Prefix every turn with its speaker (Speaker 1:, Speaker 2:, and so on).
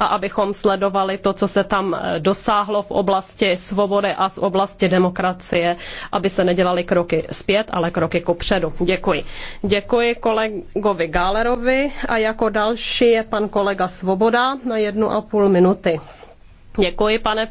Speaker 1: a abychom sledovali to, co se tam eh, dosáhlo v oblasti svobody a z oblasti demokracie, aby se nedělaly kroky zpět, ale kroky kupředu. Děkuji. Děkuji kolegovi Gálerovi a jako další je pan kolega Svoboda na jednu a půl minuty. Děkuji, pane